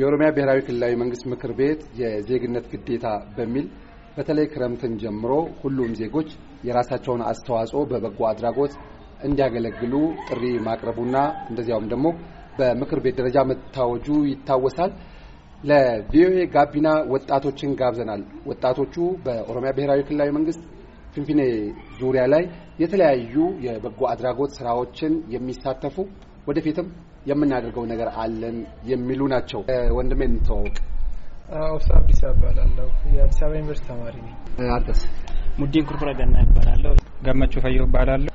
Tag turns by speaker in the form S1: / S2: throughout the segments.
S1: የኦሮሚያ ብሔራዊ ክልላዊ መንግስት ምክር ቤት የዜግነት ግዴታ በሚል በተለይ ክረምትን ጀምሮ ሁሉም ዜጎች የራሳቸውን አስተዋጽኦ በበጎ አድራጎት እንዲያገለግሉ ጥሪ ማቅረቡና እንደዚያውም ደግሞ በምክር ቤት ደረጃ መታወጁ ይታወሳል። ለቪኦኤ ጋቢና ወጣቶችን ጋብዘናል። ወጣቶቹ በኦሮሚያ ብሔራዊ ክልላዊ መንግስት ፊንፊኔ ዙሪያ ላይ የተለያዩ የበጎ አድራጎት ስራዎችን የሚሳተፉ ወደፊትም የምናደርገው ነገር አለን የሚሉ ናቸው።
S2: ወንድሜ የምትዋወቅ
S3: ኦብሳ አብዲስ እባላለሁ። የአዲስ አበባ ዩኒቨርሲቲ ተማሪ ነኝ።
S2: አርገስ ሙዲን ኩርኩረ ገና ይባላለሁ። ገመቹ ፈየው ይባላለሁ።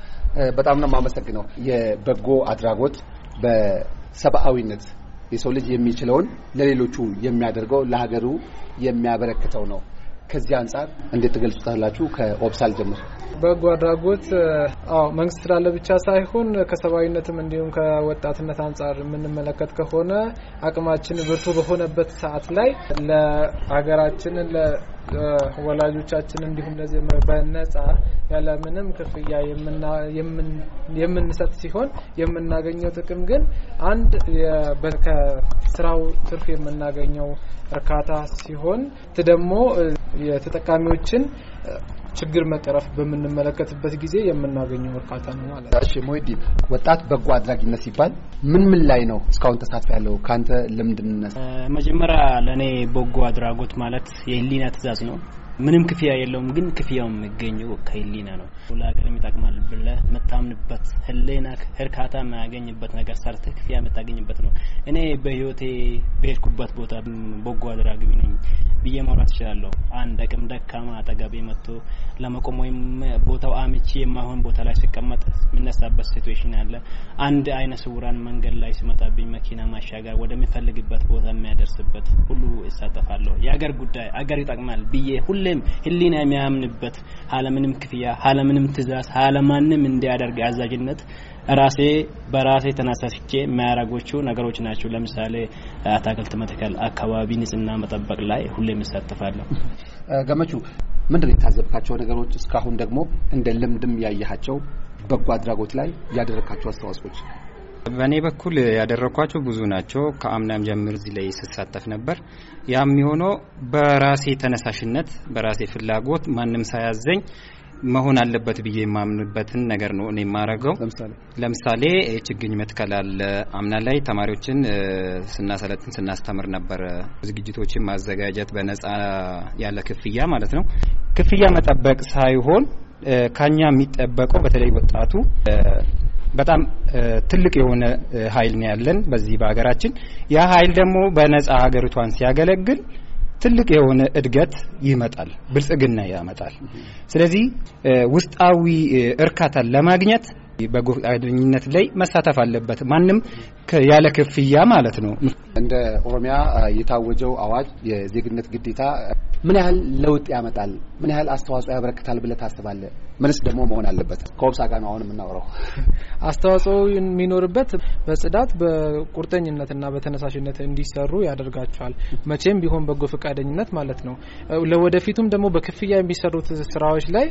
S2: በጣም ነው የማመሰግነው።
S1: የበጎ አድራጎት በሰብአዊነት የሰው ልጅ የሚችለውን ለሌሎቹ የሚያደርገው ለሀገሩ የሚያበረክተው ነው። ከዚህ አንጻር እንዴት ትገልጹታላችሁ? ከኦፕሳል ጀምሮ
S3: በጎ አድራጎት አዎ መንግስት ስላለ ብቻ ሳይሆን ከሰብአዊነትም እንዲሁም ከወጣትነት አንጻር የምንመለከት ከሆነ አቅማችን ብርቱ በሆነበት ሰዓት ላይ ለሀገራችን ወላጆቻችን እንዲሁም ለዚህ በነጻ ያለ ምንም ክፍያ የምንሰጥ ሲሆን የምናገኘው ጥቅም ግን አንድ ከስራው ትርፍ የምናገኘው እርካታ ሲሆን ደግሞ የተጠቃሚዎችን ችግር መጠረፍ በምንመለከትበት ጊዜ የምናገኘው እርካታ ነው ማለት ነው። እሺ ሞይዲ፣
S1: ወጣት በጎ አድራጊነት ሲባል ምን ምን ላይ ነው እስካሁን ተሳትፎ ያለው? ከአንተ ልምድ እንነሳ።
S4: መጀመሪያ ለእኔ በጎ አድራጎት ማለት የህሊና ትእዛዝ ነው። ምንም ክፍያ የለውም። ግን ክፍያው የሚገኘው ከህሊና ነው። ለአቅም ይጠቅማል ብለህ የምታምንበት ህሊና እርካታ የማያገኝበት ነገር ሰርተህ ክፍያ የምታገኝበት ነው። እኔ በህይወቴ በሄድኩበት ቦታ በጎ አድራጊ ነኝ ብዬ ማውራት እችላለሁ። አንድ አቅም ደካማ አጠገቤ መጥቶ ለመቆም ወይም ቦታው አምቼ የማይሆን ቦታ ላይ ሲቀመጥ የምነሳበት ሲትዌሽን አለ። አንድ አይነ ስውራን መንገድ ላይ ሲመጣብኝ መኪና ማሻገር ወደሚፈልግበት ቦታ የሚያደርስበት ሁሉ ይሳተፋለሁ። የአገር ጉዳይ አገር ይጠቅማል ብዬ ሁሌም ህሊና የሚያምንበት አለምንም ክፍያ አለምንም ትእዛዝ አለማንም እንዲያደርግ አዛዥነት ራሴ በራሴ ተነሳስቼ የሚያደርጎቹ ነገሮች ናቸው። ለምሳሌ አታክልት መትከል፣ አካባቢ ንጽህና መጠበቅ ላይ ሁሌም እሳተፋለሁ። ገመቹ ምንድን
S1: የታዘብካቸው ነገሮች? እስካሁን ደግሞ እንደ ልምድም ያየሃቸው በጎ አድራጎት ላይ ያደረካቸው
S2: አስተዋጽኦች በእኔ በኩል ያደረግኳቸው ብዙ ናቸው። ከአምናም ጀምር እዚህ ላይ ስሳተፍ ነበር። ያም የሚሆነው በራሴ ተነሳሽነት፣ በራሴ ፍላጎት ማንም ሳያዘኝ መሆን አለበት ብዬ የማምንበትን ነገር ነው እኔ የማረገው። ለምሳሌ ችግኝ መትከል አለ። አምና ላይ ተማሪዎችን ስናሰለጥን ስናስተምር ነበር። ዝግጅቶችን ማዘጋጀት በነጻ ያለ ክፍያ ማለት ነው። ክፍያ መጠበቅ ሳይሆን ከኛ የሚጠበቀው በተለይ ወጣቱ በጣም ትልቅ የሆነ ኃይል ነው ያለን በዚህ በሀገራችን። ያ ኃይል ደግሞ በነጻ ሀገሪቷን ሲያገለግል ትልቅ የሆነ እድገት ይመጣል፣ ብልጽግና ያመጣል። ስለዚህ ውስጣዊ እርካታን ለማግኘት በጎ ፈቃደኝነት ላይ መሳተፍ አለበት፣ ማንም ያለ ክፍያ ማለት ነው። እንደ ኦሮሚያ
S1: የታወጀው አዋጅ የዜግነት ግዴታ ምን ያህል ለውጥ ያመጣል? ምን ያህል አስተዋጽኦ ያበረክታል ብለህ ታስባለህ? ምንስ ደግሞ መሆን አለበት? ከወብሳ ጋር ነው አሁን የምናወራው።
S3: አስተዋጽኦ የሚኖርበት በጽዳት በቁርጠኝነትና በተነሳሽነት እንዲሰሩ ያደርጋቸዋል። መቼም ቢሆን በጎ ፈቃደኝነት ማለት ነው። ለወደፊቱም ደግሞ በክፍያ የሚሰሩት ስራዎች ላይ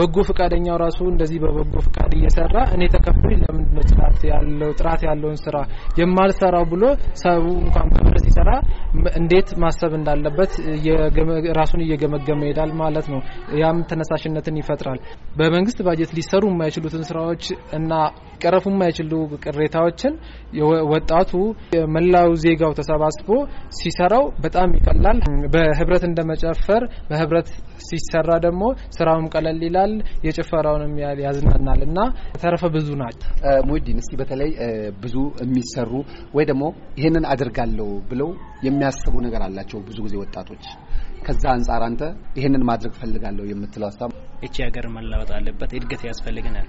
S3: በጎ ፈቃደኛው ራሱ እንደዚህ በበጎ ፈቃድ እየሰራ እኔ ተከፍሎ ለምንድን ነው ጥራት ያለው ጥራት ያለውን ስራ የማልሰራው ብሎ ሰው እንኳን በብር ሲሰራ እንዴት ማሰብ እንዳለበት ራሱን እየገመገመ ይሄዳል ማለት ነው። ያም ተነሳሽነትን ይፈጥራል። በመንግስት ባጀት ሊሰሩ የማይችሉትን ስራዎች እና ቀረፉ የማይችሉ ቅሬታዎችን ወጣቱ መላው ዜጋው ተሰባስቦ ሲሰራው በጣም ይቀላል። በህብረት እንደመጨፈር በህብረት ሲሰራ ደግሞ ስራውም ቀለል ይላል፣ የጭፈራውንም ያህል ያዝናናል እና ተረፈ ብዙ ናት።
S1: ሙዲን እስቲ በተለይ ብዙ የሚሰሩ ወይ ደግሞ ይህንን አድርጋለሁ ብለው የሚያስቡ ነገር አላቸው ብዙ ጊዜ ወጣቶች ከዛ አንጻር አንተ ይህንን ማድረግ ፈልጋለሁ የምትለው
S4: ሀሳብ እቺ ሀገር መለወጥ አለበት፣ እድገት ያስፈልገናል።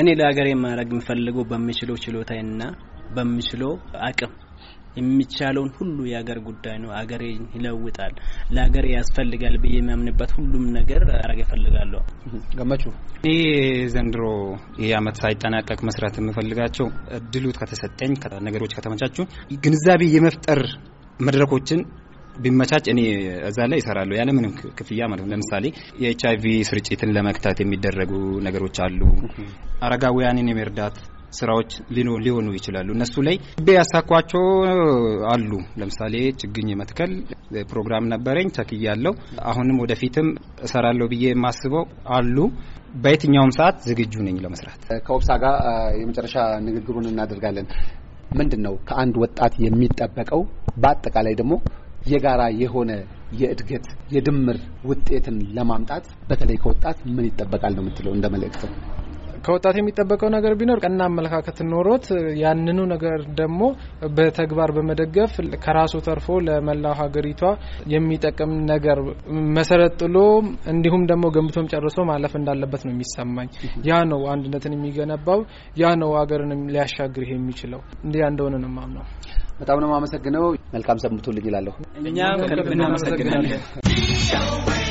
S4: እኔ ለሀገሬ ማድረግ የምፈልገው በምችለው ችሎታና በምችለው አቅም የሚቻለውን ሁሉ የሀገር ጉዳይ ነው። ሀገሬ ይለውጣል፣ ለሀገሬ ያስፈልጋል ብዬ የሚያምንበት ሁሉም ነገር አረግ እፈልጋለሁ። ገመቹ
S2: ይህ ዘንድሮ ይህ አመት ሳይጠናቀቅ መስራት የምፈልጋቸው እድሉት ከተሰጠኝ ነገሮች ከተመቻቹ ግንዛቤ የመፍጠር መድረኮችን ቢመቻች እኔ እዛ ላይ ይሰራሉ ያለ ምንም ክፍያ ማለት ነው። ለምሳሌ የኤች አይ ቪ ስርጭትን ለመግታት የሚደረጉ ነገሮች አሉ። አረጋውያንን የመርዳት ስራዎች ሊሆኑ ይችላሉ። እነሱ ላይ ቤ ያሳኳቸው አሉ። ለምሳሌ ችግኝ መትከል ፕሮግራም ነበረኝ አለው አሁንም ወደፊትም እሰራለሁ ብዬ የማስበው አሉ። በየትኛውም ሰዓት ዝግጁ ነኝ ለመስራት።
S1: ከኦብሳ ጋር የመጨረሻ ንግግሩን እናደርጋለን። ምንድን ነው ከአንድ ወጣት የሚጠበቀው? በአጠቃላይ ደግሞ የጋራ የሆነ የእድገት የድምር ውጤትን ለማምጣት በተለይ ከወጣት ምን ይጠበቃል ነው የምትለው? እንደ መልእክት
S3: ከወጣት የሚጠበቀው ነገር ቢኖር ቀና አመለካከት ኖሮት ያንኑ ነገር ደግሞ በተግባር በመደገፍ ከራሱ ተርፎ ለመላው ሀገሪቷ የሚጠቅም ነገር መሰረት ጥሎ እንዲሁም ደግሞ ገንብቶም ጨርሶ ማለፍ እንዳለበት ነው የሚሰማኝ። ያ ነው አንድነትን የሚገነባው፣ ያ ነው ሀገርን ሊያሻግር ይሄ የሚችለው እንዲያ እንደሆነ ነው ማምነው።
S1: በጣም ነው የማመሰግነው። መልካም ሰንብቱልኝ ይላለሁ። እኛም ከልብ እናመሰግናለን።